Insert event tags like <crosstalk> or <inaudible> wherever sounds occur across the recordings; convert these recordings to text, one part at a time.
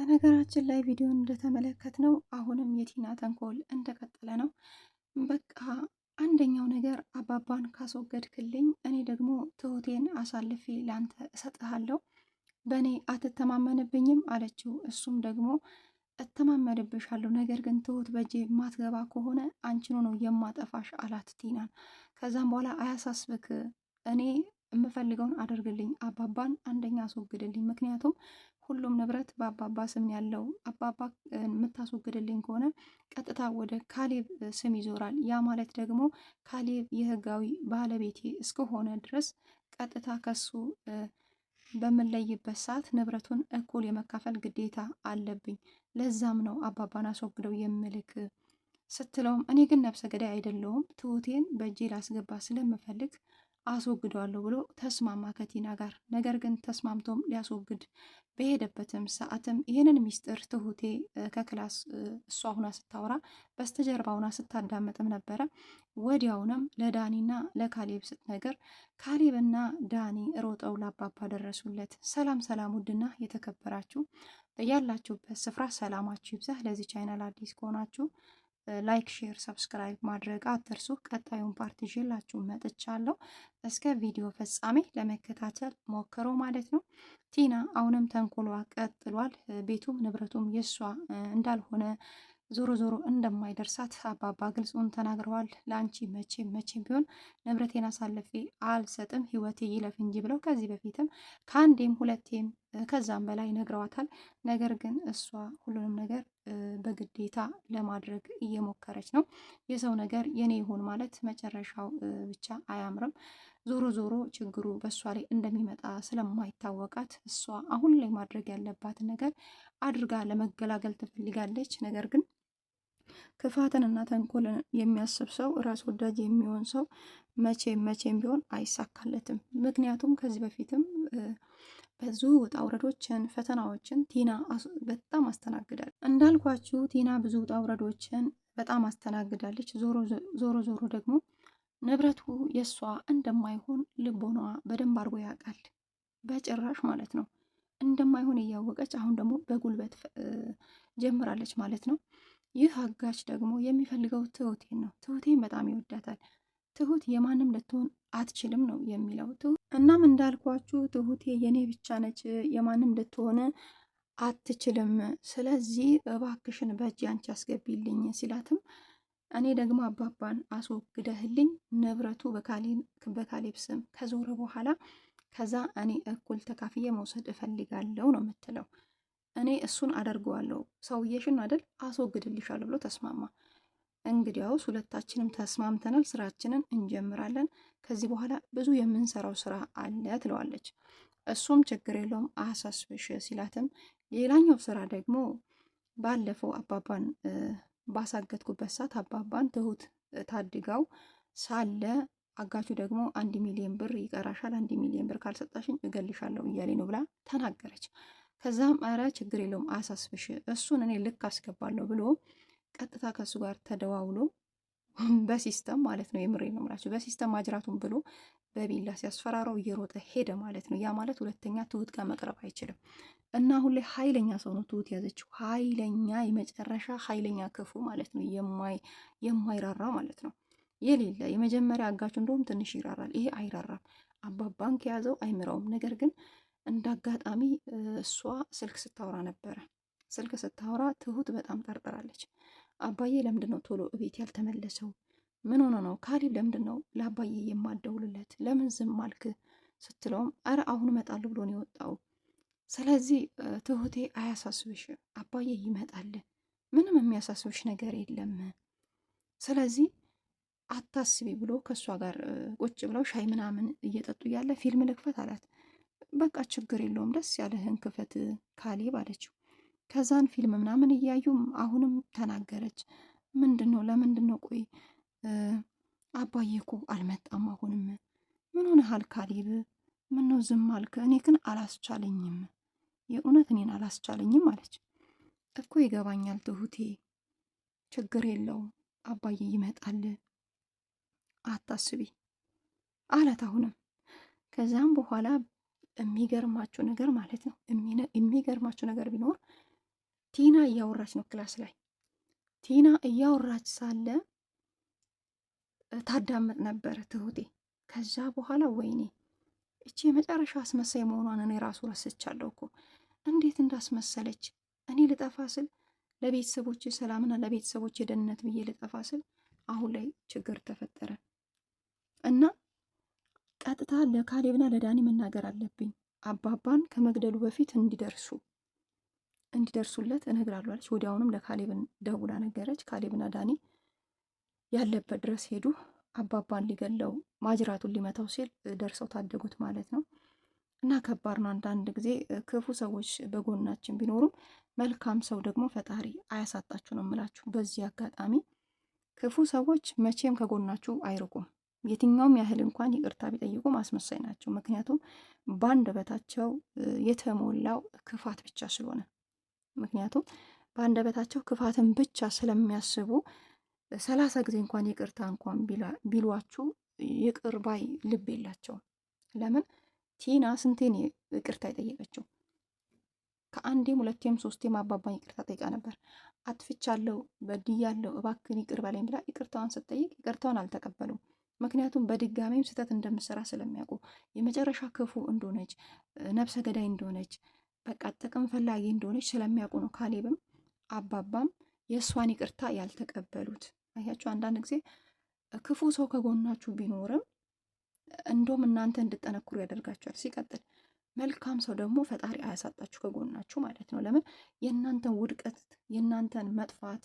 በነገራችን ላይ ቪዲዮን እንደተመለከት ነው አሁንም የቲና ተንኮል እንደቀጠለ ነው። በቃ አንደኛው ነገር አባባን ካስወገድክልኝ እኔ ደግሞ ትሁቴን አሳልፌ ለአንተ እሰጥሃለሁ፣ በእኔ አትተማመንብኝም አለችው። እሱም ደግሞ እተማመንብሻለሁ፣ ነገር ግን ትሁት በእጄ የማትገባ ከሆነ አንቺኑ ነው የማጠፋሽ አላት ቲናን። ከዛም በኋላ አያሳስብክ እኔ የምፈልገውን አድርግልኝ፣ አባባን አንደኛ አስወግድልኝ። ምክንያቱም ሁሉም ንብረት በአባባ ስም ያለው አባባ የምታስወግድልኝ ከሆነ ቀጥታ ወደ ካሌብ ስም ይዞራል። ያ ማለት ደግሞ ካሌብ የህጋዊ ባለቤቴ እስከሆነ ድረስ ቀጥታ ከሱ በምለይበት ሰዓት ንብረቱን እኩል የመካፈል ግዴታ አለብኝ። ለዛም ነው አባባን አስወግደው የምልክ ስትለውም እኔ ግን ነፍሰ ገዳይ አይደለሁም ትሁቴን በእጄ ላስገባ ስለምፈልግ አስወግደዋለሁ ብሎ ተስማማ ከቲና ጋር። ነገር ግን ተስማምቶም ሊያስወግድ በሄደበትም ሰዓትም ይህንን ሚስጥር ትሁቴ ከክላስ እሷ ሁና ስታወራ በስተጀርባ ሁና ስታዳመጥም ነበረ። ወዲያውንም ለዳኒና ለካሌብ ስትነግር ካሌብና ዳኒ ሮጠው ላባባ ደረሱለት። ሰላም ሰላም! ውድና የተከበራችሁ ያላችሁበት ስፍራ ሰላማችሁ ይብዛ። ለዚህ ቻይናል አዲስ ከሆናችሁ ላይክ፣ ሼር፣ ሰብስክራይብ ማድረግ አትርሱ። ቀጣዩን ፓርት ይዤላችሁ መጥቻለሁ። እስከ ቪዲዮ ፍጻሜ ለመከታተል ሞክሮ ማለት ነው። ቲና አሁንም ተንኮሏ ቀጥሏል። ቤቱም ንብረቱም የሷ እንዳልሆነ ዞሮ ዞሮ እንደማይደርሳት አባባ ግልጹን ተናግረዋል። ለአንቺ መቼም መቼም ቢሆን ንብረቴን አሳልፌ አልሰጥም፣ ህይወቴ ይለፍ እንጂ ብለው ከዚህ በፊትም ከአንዴም ሁለቴም ከዛም በላይ ነግረዋታል። ነገር ግን እሷ ሁሉንም ነገር በግዴታ ለማድረግ እየሞከረች ነው። የሰው ነገር የኔ ይሁን ማለት መጨረሻው ብቻ አያምርም። ዞሮ ዞሮ ችግሩ በእሷ ላይ እንደሚመጣ ስለማይታወቃት እሷ አሁን ላይ ማድረግ ያለባትን ነገር አድርጋ ለመገላገል ትፈልጋለች። ነገር ግን ክፋትንና ተንኮልን የሚያስብ ሰው ራስ ወዳጅ የሚሆን ሰው መቼም መቼም ቢሆን አይሳካለትም። ምክንያቱም ከዚህ በፊትም ብዙ ውጣ ውረዶችን ፈተናዎችን ቲና በጣም አስተናግዳል። እንዳልኳችሁ ቲና ብዙ ውጣ ውረዶችን በጣም አስተናግዳለች። ዞሮ ዞሮ ደግሞ ንብረቱ የእሷ እንደማይሆን ልቦኗ በደንብ አድርጎ ያውቃል። በጭራሽ ማለት ነው እንደማይሆን እያወቀች አሁን ደግሞ በጉልበት ጀምራለች ማለት ነው። ይህ አጋች ደግሞ የሚፈልገው ትሁቴን ነው። ትሁቴን በጣም ይወዳታል። ትሁት የማንም ልትሆን አትችልም ነው የሚለው። እናም እንዳልኳችሁ ትሁቴ የኔ ብቻ ነች፣ የማንም ልትሆን አትችልም። ስለዚህ እባክሽን በእጅ አንቺ አስገቢልኝ ሲላትም እኔ ደግሞ አባባን አስወግደህልኝ ንብረቱ በካሌብ ስም ከዞረ በኋላ ከዛ እኔ እኩል ተካፍዬ መውሰድ እፈልጋለሁ ነው የምትለው። እኔ እሱን አደርገዋለሁ ሰውየሽን አደል አስወግድልሻለሁ ብሎ ተስማማ። እንግዲያውስ ሁለታችንም ተስማምተናል፣ ስራችንን እንጀምራለን። ከዚህ በኋላ ብዙ የምንሰራው ስራ አለ ትለዋለች። እሱም ችግር የለውም አያሳስብሽ ሲላትም፣ ሌላኛው ስራ ደግሞ ባለፈው አባባን ባሳገትኩበት ሰዓት አባባን ትሁት ታድጋው ሳለ አጋቹ ደግሞ አንድ ሚሊዮን ብር ይቀራሻል፣ አንድ ሚሊዮን ብር ካልሰጣሽኝ እገልሻለሁ እያሌ ነው ብላ ተናገረች። ከዛም ኧረ ችግር የለውም አሳስብሽ እሱን እኔ ልክ አስገባለሁ ብሎ ቀጥታ ከእሱ ጋር ተደዋውሎ በሲስተም ማለት ነው። የምሬ ነው የምላችሁ በሲስተም ማጅራቱን ብሎ በቢላ ሲያስፈራረው እየሮጠ ሄደ ማለት ነው። ያ ማለት ሁለተኛ ትሁት ጋር መቅረብ አይችልም እና አሁን ላይ ኃይለኛ ሰው ነው ትሁት ያዘችው። ኃይለኛ የመጨረሻ ኃይለኛ ክፉ ማለት ነው። የማይራራ ማለት ነው። የሌለ የመጀመሪያ አጋቹ እንደውም ትንሽ ይራራል። ይሄ አይራራም። አባ ባንክ የያዘው አይምራውም። ነገር ግን እንደ አጋጣሚ እሷ ስልክ ስታወራ ነበረ። ስልክ ስታወራ ትሁት በጣም ጠርጥራለች። አባዬ ለምንድን ነው ቶሎ እቤት ያልተመለሰው? ምን ሆነ ነው ካሌብ? ለምንድን ነው ለአባዬ የማደውልለት? ለምን ዝም አልክ? ስትለውም አረ አሁን እመጣለሁ ብሎ ነው የወጣው። ስለዚህ ትሁቴ አያሳስብሽ፣ አባዬ ይመጣል። ምንም የሚያሳስብሽ ነገር የለም። ስለዚህ አታስቢ ብሎ ከእሷ ጋር ቁጭ ብለው ሻይ ምናምን እየጠጡ እያለ ፊልም ልክፈት አላት። በቃ ችግር የለውም ደስ ያለህን ክፈት ካሌብ አለችው። ከዛን ፊልም ምናምን እያዩም አሁንም ተናገረች። ምንድን ነው ለምንድን ነው ቆይ አባዬ እኮ አልመጣም። አሁንም ምን ሆነሃል ካሌብ? ምን ነው ዝም አልክ? እኔ ግን አላስቻለኝም፣ የእውነት እኔን አላስቻለኝም አለች። እኮ ይገባኛል ትሁቴ፣ ችግር የለውም አባዬ ይመጣል፣ አታስቢ አላት አሁንም ከዛም በኋላ የሚገርማችሁ ነገር ማለት ነው የሚገርማችሁ ነገር ቢኖር ቲና እያወራች ነው ክላስ ላይ ቲና እያወራች ሳለ ታዳምጥ ነበረ ትሁቴ። ከዛ በኋላ ወይኔ እቺ የመጨረሻ አስመሳይ መሆኗን እኔ ራሱ ረስቻለሁ እኮ እንዴት እንዳስመሰለች። እኔ ልጠፋ ስል ለቤተሰቦች ሰላምና ለቤተሰቦች ደህንነት ብዬ ልጠፋ ስል አሁን ላይ ችግር ተፈጠረ እና ቀጥታ ለካሌብና ለዳኒ መናገር አለብኝ። አባባን ከመግደሉ በፊት እንዲደርሱ እንዲደርሱለት እነግራለሁ አለች። ወዲያውኑም ለካሌብን ደውላ ነገረች። ካሌብና ዳኒ ያለበት ድረስ ሄዱ። አባባን ሊገለው ማጅራቱን ሊመታው ሲል ደርሰው ታደጉት ማለት ነው። እና ከባድ ነው። አንዳንድ ጊዜ ክፉ ሰዎች በጎናችን ቢኖሩም መልካም ሰው ደግሞ ፈጣሪ አያሳጣችሁ ነው የምላችሁ። በዚህ አጋጣሚ ክፉ ሰዎች መቼም ከጎናችሁ አይርቁም። የትኛውም ያህል እንኳን ይቅርታ ቢጠይቁ ማስመሳይ ናቸው። ምክንያቱም በአንደበታቸው የተሞላው ክፋት ብቻ ስለሆነ ምክንያቱም በአንደበታቸው ክፋትን ብቻ ስለሚያስቡ ሰላሳ ጊዜ እንኳን ይቅርታ እንኳን ቢሏችሁ ይቅር ባይ ልብ የላቸውም። ለምን ቲና ስንቴን ይቅርታ የጠየቀችው? ከአንዴም ሁለቴም ሶስቴም አባባን ይቅርታ ጠይቃ ነበር። አጥፍቻለሁ፣ በድያለሁ፣ እባክን ይቅር በለኝ ብላ ይቅርታዋን ስትጠይቅ ይቅርታዋን አልተቀበሉም። ምክንያቱም በድጋሚም ስህተት እንደምሰራ ስለሚያውቁ የመጨረሻ ክፉ እንደሆነች፣ ነብሰ ገዳይ እንደሆነች፣ በቃ ጥቅም ፈላጊ እንደሆነች ስለሚያውቁ ነው ካሌብም አባባም የእሷን ይቅርታ ያልተቀበሉት። አያችሁ አንዳንድ ጊዜ ክፉ ሰው ከጎናችሁ ቢኖርም እንደውም እናንተ እንድጠነክሩ ያደርጋችኋል። ሲቀጥል መልካም ሰው ደግሞ ፈጣሪ አያሳጣችሁ ከጎናችሁ ማለት ነው። ለምን የእናንተን ውድቀት የእናንተን መጥፋት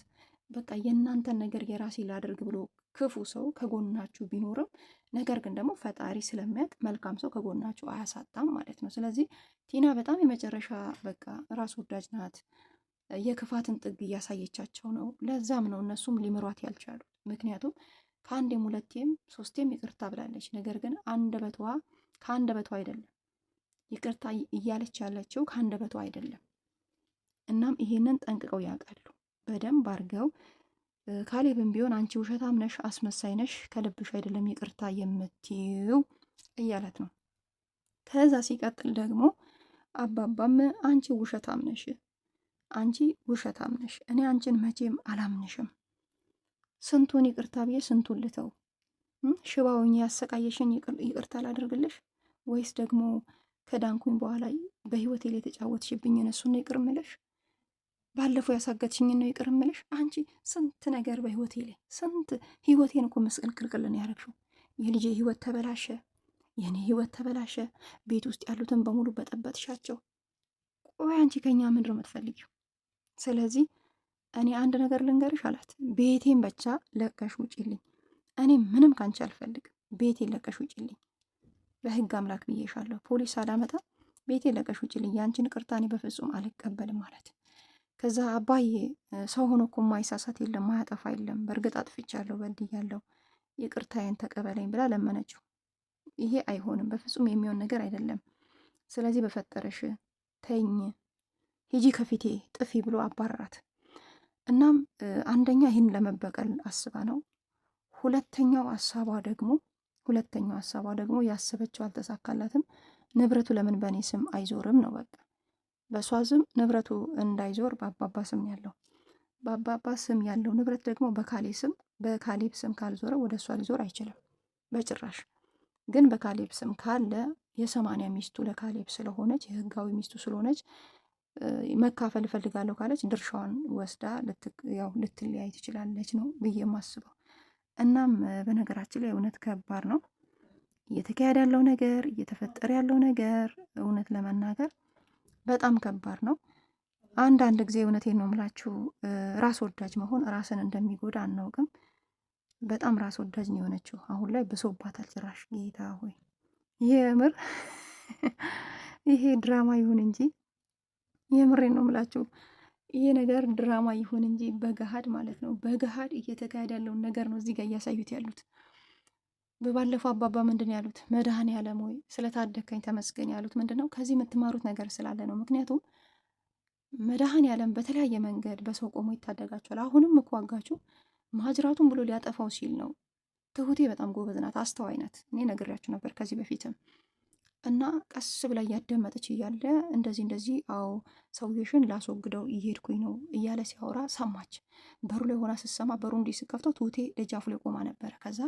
በቃ የእናንተን ነገር የራሴ ላደርግ ብሎ ክፉ ሰው ከጎናችሁ ቢኖርም ነገር ግን ደግሞ ፈጣሪ ስለሚያውቅ መልካም ሰው ከጎናችሁ አያሳጣም ማለት ነው። ስለዚህ ቲና በጣም የመጨረሻ በቃ ራስ ወዳጅ ናት። የክፋትን ጥግ እያሳየቻቸው ነው። ለዛም ነው እነሱም ሊምሯት ያልቻሉት። ምክንያቱም ከአንዴም ሁለቴም ሶስቴም ይቅርታ ብላለች። ነገር ግን አንደበቷ ከአንደበቷ አይደለም ይቅርታ እያለች ያለችው ከአንደበቷ አይደለም። እናም ይሄንን ጠንቅቀው ያውቃሉ በደንብ አድርገው ካሌብም ቢሆን አንቺ ውሸታም ነሽ፣ አስመሳይ ነሽ፣ ከልብሽ አይደለም ይቅርታ የምትይው እያለት ነው። ከዛ ሲቀጥል ደግሞ አባባም አንቺ ውሸታም ነሽ፣ አንቺ ውሸታም ነሽ፣ እኔ አንቺን መቼም አላምንሽም። ስንቱን ይቅርታ ብዬ ስንቱን ልተው? ሽባውኝ ያሰቃየሽን ይቅርታ ላደርግልሽ ወይስ ደግሞ ከዳንኩኝ በኋላ በህይወቴ ላይ የተጫወትሽብኝ እነሱን ይቅር ባለፈው ያሳገችኝን ነው ይቅር እምልሽ። አንቺ ስንት ነገር በህይወቴ ላይ ስንት ህይወቴን እኮ ምስቅልቅልቅልን ያረግሽው። የልጄ ህይወት ተበላሸ፣ የኔ ህይወት ተበላሸ። ቤት ውስጥ ያሉትን በሙሉ በጠበጥሻቸው። ቆይ አንቺ ከኛ ምንድን ነው የምትፈልጊው? ስለዚህ እኔ አንድ ነገር ልንገርሽ አላት። ቤቴን ብቻ ለቀሽ ውጭልኝ? እኔ ምንም ከአንቺ አልፈልግም። ቤቴን ለቀሽ ውጭልኝ። በህግ አምላክ ብዬሻለሁ። ፖሊስ አላመጣ ቤቴን ለቀሽ ውጭልኝ። የአንቺን ቅርታ እኔ በፍጹም አልቀበልም ማለት ከዛ አባዬ ሰው ሆኖ እኮ ማይሳሳት የለም ማያጠፋ የለም፣ በእርግጥ አጥፍቻለሁ፣ በድያለሁ፣ ይቅርታዬን ተቀበለኝ ብላ ለመነችው። ይሄ አይሆንም፣ በፍጹም የሚሆን ነገር አይደለም። ስለዚህ በፈጠረሽ ተኝ፣ ሂጂ ከፊቴ ጥፊ ብሎ አባረራት። እናም አንደኛ ይህን ለመበቀል አስባ ነው። ሁለተኛው ሀሳቧ ደግሞ ሁለተኛው ሀሳቧ ደግሞ ያሰበችው አልተሳካላትም። ንብረቱ ለምን በእኔ ስም አይዞርም ነው በቃ በእሷ ስም ንብረቱ እንዳይዞር በአባባ ስም ያለው በአባባ ስም ያለው ንብረት ደግሞ በካሌ ስም በካሌብ ስም ካልዞረ ወደ እሷ ሊዞር አይችልም በጭራሽ። ግን በካሌብ ስም ካለ የሰማንያ ሚስቱ ለካሌብ ስለሆነች የህጋዊ ሚስቱ ስለሆነች መካፈል እፈልጋለሁ ካለች ድርሻዋን ወስዳ ያው ልትለያይ ትችላለች ነው ብዬ የማስበው። እናም በነገራችን ላይ እውነት ከባድ ነው እየተካሄደ ያለው ነገር፣ እየተፈጠረ ያለው ነገር እውነት ለመናገር በጣም ከባድ ነው። አንዳንድ ጊዜ እውነቴን ነው የምላችሁ ራስ ወዳጅ መሆን ራስን እንደሚጎዳ አናውቅም። በጣም ራስ ወዳጅ ነው የሆነችው አሁን ላይ ብሶባታል። ጭራሽ ጌታ ሆይ የምር <laughs> ይሄ ድራማ ይሁን እንጂ የምሬን ነው የምላችሁ ይሄ ነገር ድራማ ይሁን እንጂ በገሃድ ማለት ነው በገሃድ እየተካሄደ ያለውን ነገር ነው እዚህ ጋር እያሳዩት ያሉት። በባለፈው አባባ ምንድን ያሉት መድሃን ዓለም ወይ ስለታደከኝ ተመስገን ያሉት ምንድን ነው? ከዚህ የምትማሩት ነገር ስላለ ነው። ምክንያቱም መድኃኔ ዓለም በተለያየ መንገድ በሰው ቆሞ ይታደጋቸዋል። አሁንም እኮ አጋችሁ ማጅራቱን ብሎ ሊያጠፋው ሲል ነው። ትሁቴ በጣም ጎበዝ ናት፣ አስተዋይ ናት። እኔ ነግሬያችሁ ነበር ከዚህ በፊትም እና ቀስ ብላ እያዳመጠች እያለ እንደዚህ እንደዚህ አዎ ሰውዬሽን ላስወግደው እየሄድኩኝ ነው እያለ ሲያወራ ሰማች። በሩ ላይ ሆና ስትሰማ በሩ እንዲህ ስከፍተው ትሁቴ ደጃፉ ላይ ቆማ ነበረ ከዛ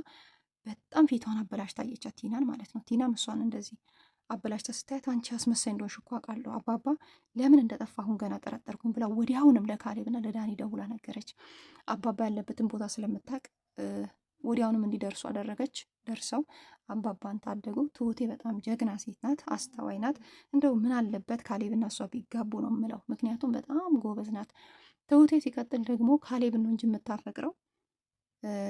በጣም ፊቷን አበላሽ ታየቻት ቲናን ማለት ነው። ቲናም እሷን እንደዚህ አበላሽታ ስታያት አንቺ አስመሳይ እንደሆንሽ እኮ አውቃለሁ አባባ ለምን እንደጠፋ አሁን ገና ጠረጠርኩኝ ብላ ወዲያውንም ለካሌብና ለዳኒ ደውላ ነገረች። አባባ ያለበትን ቦታ ስለምታውቅ ወዲያውንም እንዲደርሱ አደረገች። ደርሰው አባባን ታደጉ። ትሁቴ በጣም ጀግና ሴት ናት፣ አስተዋይ ናት። እንደው ምን አለበት ካሌብና እሷ ቢጋቡ ነው የምለው፣ ምክንያቱም በጣም ጎበዝ ናት ትሁቴ። ሲቀጥል ደግሞ ካሌብ ነው እንጂ የምታፈቅረው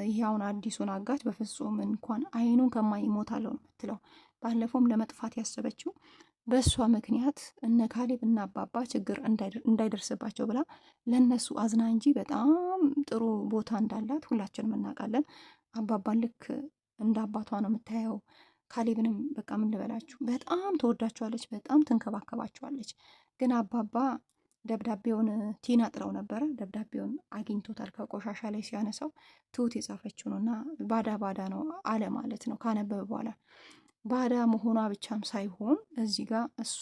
ይሄውን አዲሱን አጋች በፍጹም እንኳን አይኑን ከማይ እሞታለሁ ነው የምትለው። ባለፈውም ለመጥፋት ያሰበችው በእሷ ምክንያት እነ ካሌብ እና አባባ ችግር እንዳይደርስባቸው ብላ ለእነሱ አዝና እንጂ በጣም ጥሩ ቦታ እንዳላት ሁላችንም እናውቃለን። አባባን ልክ እንደ አባቷ ነው የምታየው። ካሌብንም በቃ ምን ልበላችሁ፣ በጣም ተወዳችኋለች፣ በጣም ትንከባከባችኋለች። ግን አባባ ደብዳቤውን ቲና ጥረው ነበረ። ደብዳቤውን አግኝቶታል። ከቆሻሻ ላይ ሲያነሳው ትሁት የጻፈችው ነው እና ባዳ ባዳ ነው አለ ማለት ነው ካነበበ በኋላ ባዳ መሆኗ ብቻም ሳይሆን እዚህ ጋር እሷ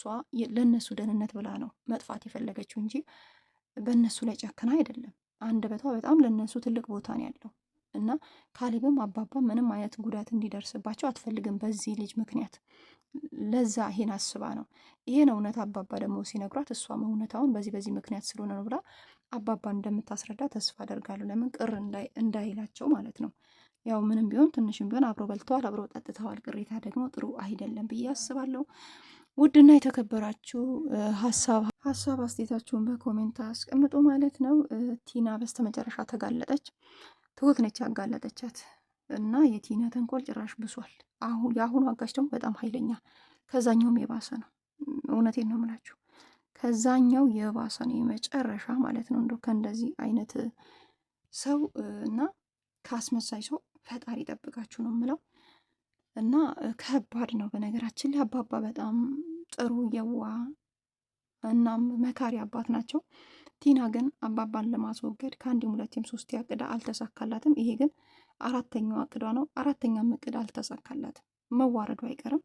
ለእነሱ ደህንነት ብላ ነው መጥፋት የፈለገችው እንጂ በእነሱ ላይ ጨክና አይደለም። አንደበቷ በጣም ለእነሱ ትልቅ ቦታ ነው ያለው እና ካሌብም አባባ ምንም አይነት ጉዳት እንዲደርስባቸው አትፈልግም በዚህ ልጅ ምክንያት። ለዛ ይሄን አስባ ነው ይሄን እውነት አባባ ደግሞ ሲነግሯት እሷም እውነታውን በዚህ በዚህ ምክንያት ስለሆነ ነው ብላ አባባ እንደምታስረዳ ተስፋ አደርጋለሁ። ለምን ቅር እንዳይላቸው ማለት ነው። ያው ምንም ቢሆን ትንሽም ቢሆን አብረው በልተዋል፣ አብረው ጠጥተዋል። ቅሬታ ደግሞ ጥሩ አይደለም ብዬ አስባለሁ። ውድና የተከበራችሁ ሀሳብ ሀሳብ አስተያየታችሁን በኮሜንት አስቀምጡ ማለት ነው። ቲና በስተመጨረሻ ተጋለጠች። ትሁት ነች ያጋለጠቻት። እና የቲና ተንኮል ጭራሽ ብሷል። አሁን የአሁኑ አጋች ደግሞ በጣም ኃይለኛ ከዛኛውም የባሰ ነው። እውነቴን ነው የምላችሁ ከዛኛው የባሰ ነው የመጨረሻ ማለት ነው። እንደው ከእንደዚህ አይነት ሰው እና ከአስመሳይ ሰው ፈጣሪ ጠብቃችሁ ነው የምለው እና ከባድ ነው። በነገራችን ላይ አባባ በጣም ጥሩ የዋ እናም መካሪ አባት ናቸው። ቲና ግን አባባን ለማስወገድ ከአንድም ሁለቴም ሶስት ያቅዳ አልተሳካላትም። ይሄ ግን አራተኛዋ እቅዷ ነው። አራተኛም እቅድ አልተሳካላትም። መዋረዱ አይቀርም።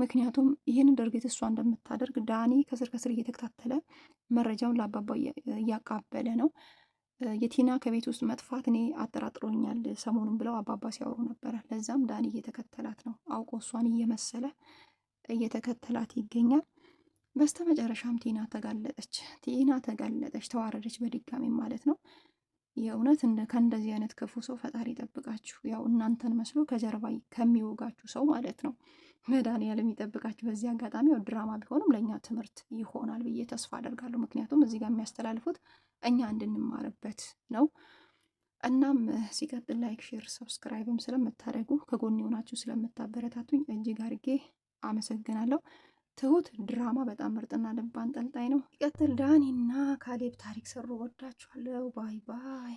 ምክንያቱም ይህን ድርጊት እሷ እንደምታደርግ ዳኒ ከስር ከስር እየተከታተለ መረጃውን ለአባባ እያቃበለ ነው። የቲና ከቤት ውስጥ መጥፋት እኔ አጠራጥሮኛል ሰሞኑን ብለው አባባ ሲያወሩ ነበረ። ለዛም ዳኒ እየተከተላት ነው። አውቆ እሷን እየመሰለ እየተከተላት ይገኛል። በስተመጨረሻም ቲና ተጋለጠች። ቲና ተጋለጠች፣ ተዋረደች በድጋሚ ማለት ነው። የእውነት ከእንደዚህ አይነት ክፉ ሰው ፈጣሪ ይጠብቃችሁ። ያው እናንተን መስሎ ከጀርባ ከሚወጋችሁ ሰው ማለት ነው መድኃኒዓለም ይጠብቃችሁ። በዚህ አጋጣሚ ያው ድራማ ቢሆንም ለእኛ ትምህርት ይሆናል ብዬ ተስፋ አደርጋለሁ። ምክንያቱም እዚህ ጋር የሚያስተላልፉት እኛ እንድንማርበት ነው። እናም ሲቀጥል ላይክ፣ ሼር፣ ሰብስክራይብም ስለምታደርጉ ከጎን የሆናችሁ ስለምታበረታቱኝ እጅግ አድርጌ አመሰግናለሁ። ትሁት ድራማ በጣም ምርጥና ልብ አንጠልጣይ ነው። ይቀጥል። ዳኒና ካሌብ ታሪክ ሰሩ። ወዳችኋለሁ። ባይ ባይ